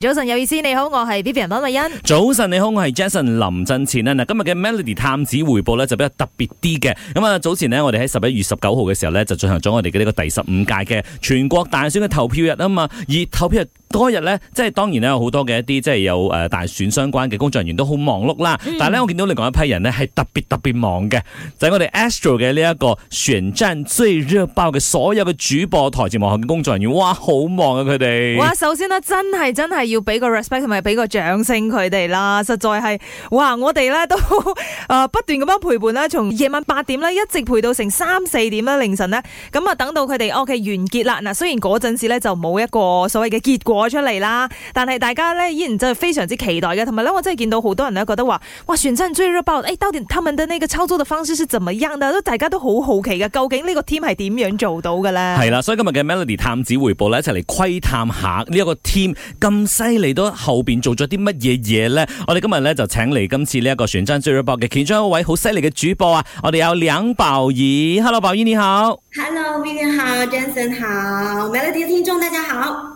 早晨有意思，你好，我係 Vivian 方慧欣。早晨你好，我係 Jason 林振前咧。嗱，今日嘅 Melody 探子回報咧就比較特別啲嘅。咁啊，早前呢，我哋喺十一月十九號嘅時候咧就進行咗我哋嘅呢個第十五屆嘅全國大選嘅投票日啊嘛，而投票日……嗰日咧，即係當然咧，有好多嘅一啲即係有誒大選相關嘅工作人員都好忙碌啦。嗯、但係咧，我見到另外一批人咧係特別特別忙嘅，就係、是、我哋 Astro 嘅呢一個選戰最熱爆嘅所有嘅主播、台前幕後嘅工作人員，哇，好忙啊佢哋！哇，首先呢真係真係要俾個 respect 同埋俾個掌聲佢哋啦，實在係哇，我哋咧都誒、呃、不斷咁樣陪伴啦，從夜晚八點咧一直陪到成三四點啦凌晨呢，咁啊等到佢哋 O.K. 完結啦。嗱，雖然嗰陣時時咧就冇一個所謂嘅結果出嚟啦！但係大家咧依然真係非常之期待嘅，同埋咧我真係見到好多人咧覺得話：，哇！選戰最熱爆！誒、欸，到底他們的那個操作的方式是怎麼樣？都大家都好好奇嘅，究竟呢個 team 係點樣做到嘅咧？係啦，所以今日嘅 Melody 探子回報咧，一齊嚟窺探下呢一個 team 咁犀利都後邊做咗啲乜嘢嘢咧？我哋今日咧就請嚟今次呢一個選戰最熱爆嘅其中一位好犀利嘅主播啊！我哋有兩寶儀，Hello 寶儀你好，Hello Vivian 好，Jason 好，Melody 聽眾大家好。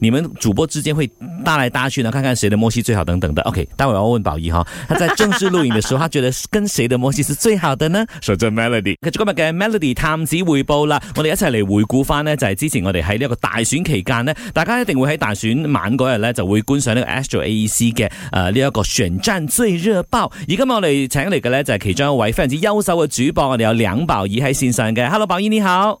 你們主播之間會搭來搭去呢，看看誰的摩戲最好等等的。OK，待會我問寶儀哈，他在正式錄影的時候， 他覺得跟誰的摩戲是最好的呢 s h Melody。其實今日嘅 Melody 探子匯報啦，我哋一齊嚟回顧翻呢，就係之前我哋喺呢一個大選期間呢，大家一定會喺大選晚嗰日呢就會觀賞呢個 Astro A E C 嘅誒呢一個選戰最熱爆。而今日我哋請嚟嘅呢，就係其中一位非常之優秀嘅主播，我哋有梁寶儀喺線上嘅。Hello，寶儀你好。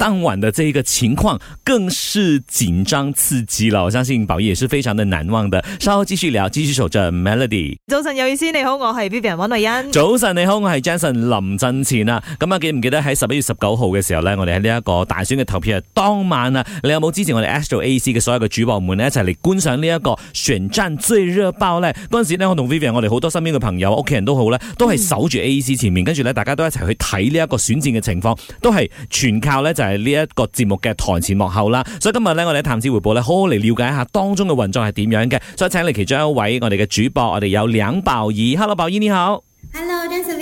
當晚的這一個情況更是緊張刺激啦，我相信寶儀也是非常的難忘的。稍後繼續聊，繼續守着 Melody。早晨有意思，你好，我係 Vivian 溫麗欣。早晨你好，我係 Janson 林振前啊。咁啊記唔記得喺十一月十九號嘅時候呢？我哋喺呢一個大選嘅投票啊當晚啊，你有冇支持我哋 Astro A C 嘅所有嘅主播們呢？一齊嚟觀賞呢一個選戰最熱爆呢。嗰陣時咧，我同 Vivian 我哋好多身邊嘅朋友、屋企人都好呢，都係守住 A C 前面，跟住呢，大家都一齊去睇呢一個選戰嘅情況，都係全靠呢。就係、是。係呢一個節目嘅台前幕後啦，所以今日咧我哋嘅探子回報咧，好好嚟了解一下當中嘅運作係點樣嘅，所以請嚟其中一位我哋嘅主播，我哋有梁寶儀，Hello 寶儀你好。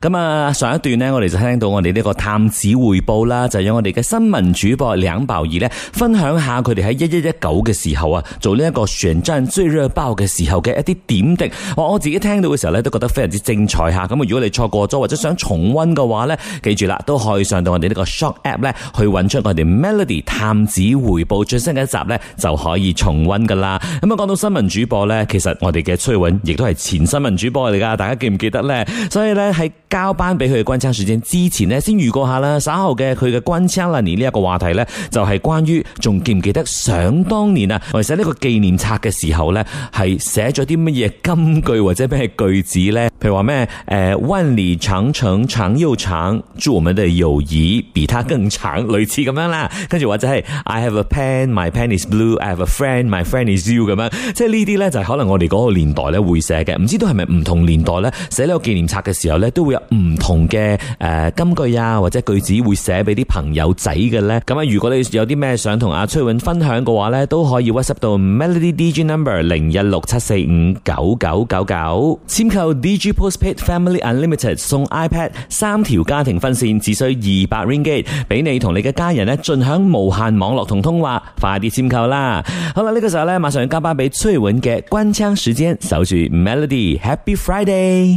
咁啊，上一段呢，我哋就聽到我哋呢個探子回報啦，就由我哋嘅新聞主播梁寶儀呢分享下佢哋喺一一一九嘅時候啊，做呢一個選戰最熱爆嘅時候嘅一啲點滴。我自己聽到嘅時候呢，都覺得非常之精彩吓。咁啊，如果你錯過咗或者想重溫嘅話呢，記住啦，都可以上到我哋呢個 Shock App 呢，去揾出我哋 Melody 探子回報最新嘅一集呢，就可以重溫噶啦。咁啊，講到新聞主播呢，其實我哋嘅崔允亦都係前新聞主播嚟噶，大家記唔記得呢？所以呢，係。交班俾佢嘅關槍選戰之前呢，先預告下啦。稍後嘅佢嘅關槍歷年呢一個話題呢就係關於，仲記唔記得想當年啊，我寫呢個紀念冊嘅時候呢，係寫咗啲乜嘢金句或者咩句子呢？譬如話咩誒，呃，萬里長城長又長，祝我們的友誼比他更長，類似咁樣啦。跟住或者係 I have a pen, my pen is blue. I have a friend, my friend is you。咁樣，即係呢啲呢，就係可能我哋嗰個年代呢會寫嘅。唔知道係咪唔同年代呢，寫呢個紀念冊嘅時候呢，都會。唔同嘅誒、呃，金句啊，或者句子會寫俾啲朋友仔嘅呢。咁啊，如果你有啲咩想同阿、啊、崔文分享嘅話呢，都可以 WhatsApp 到 Melody DJ number 零一六七四五九九九九，簽購 Digi Postpaid Family Unlimited 送 iPad 三條家庭分線，只需二百 Ringgit，俾你同你嘅家人呢，盡享無限網絡同通話，快啲簽購啦！好啦，呢、這個時候呢，馬上交返俾崔文嘅官腔時間，守住 Melody Happy Friday。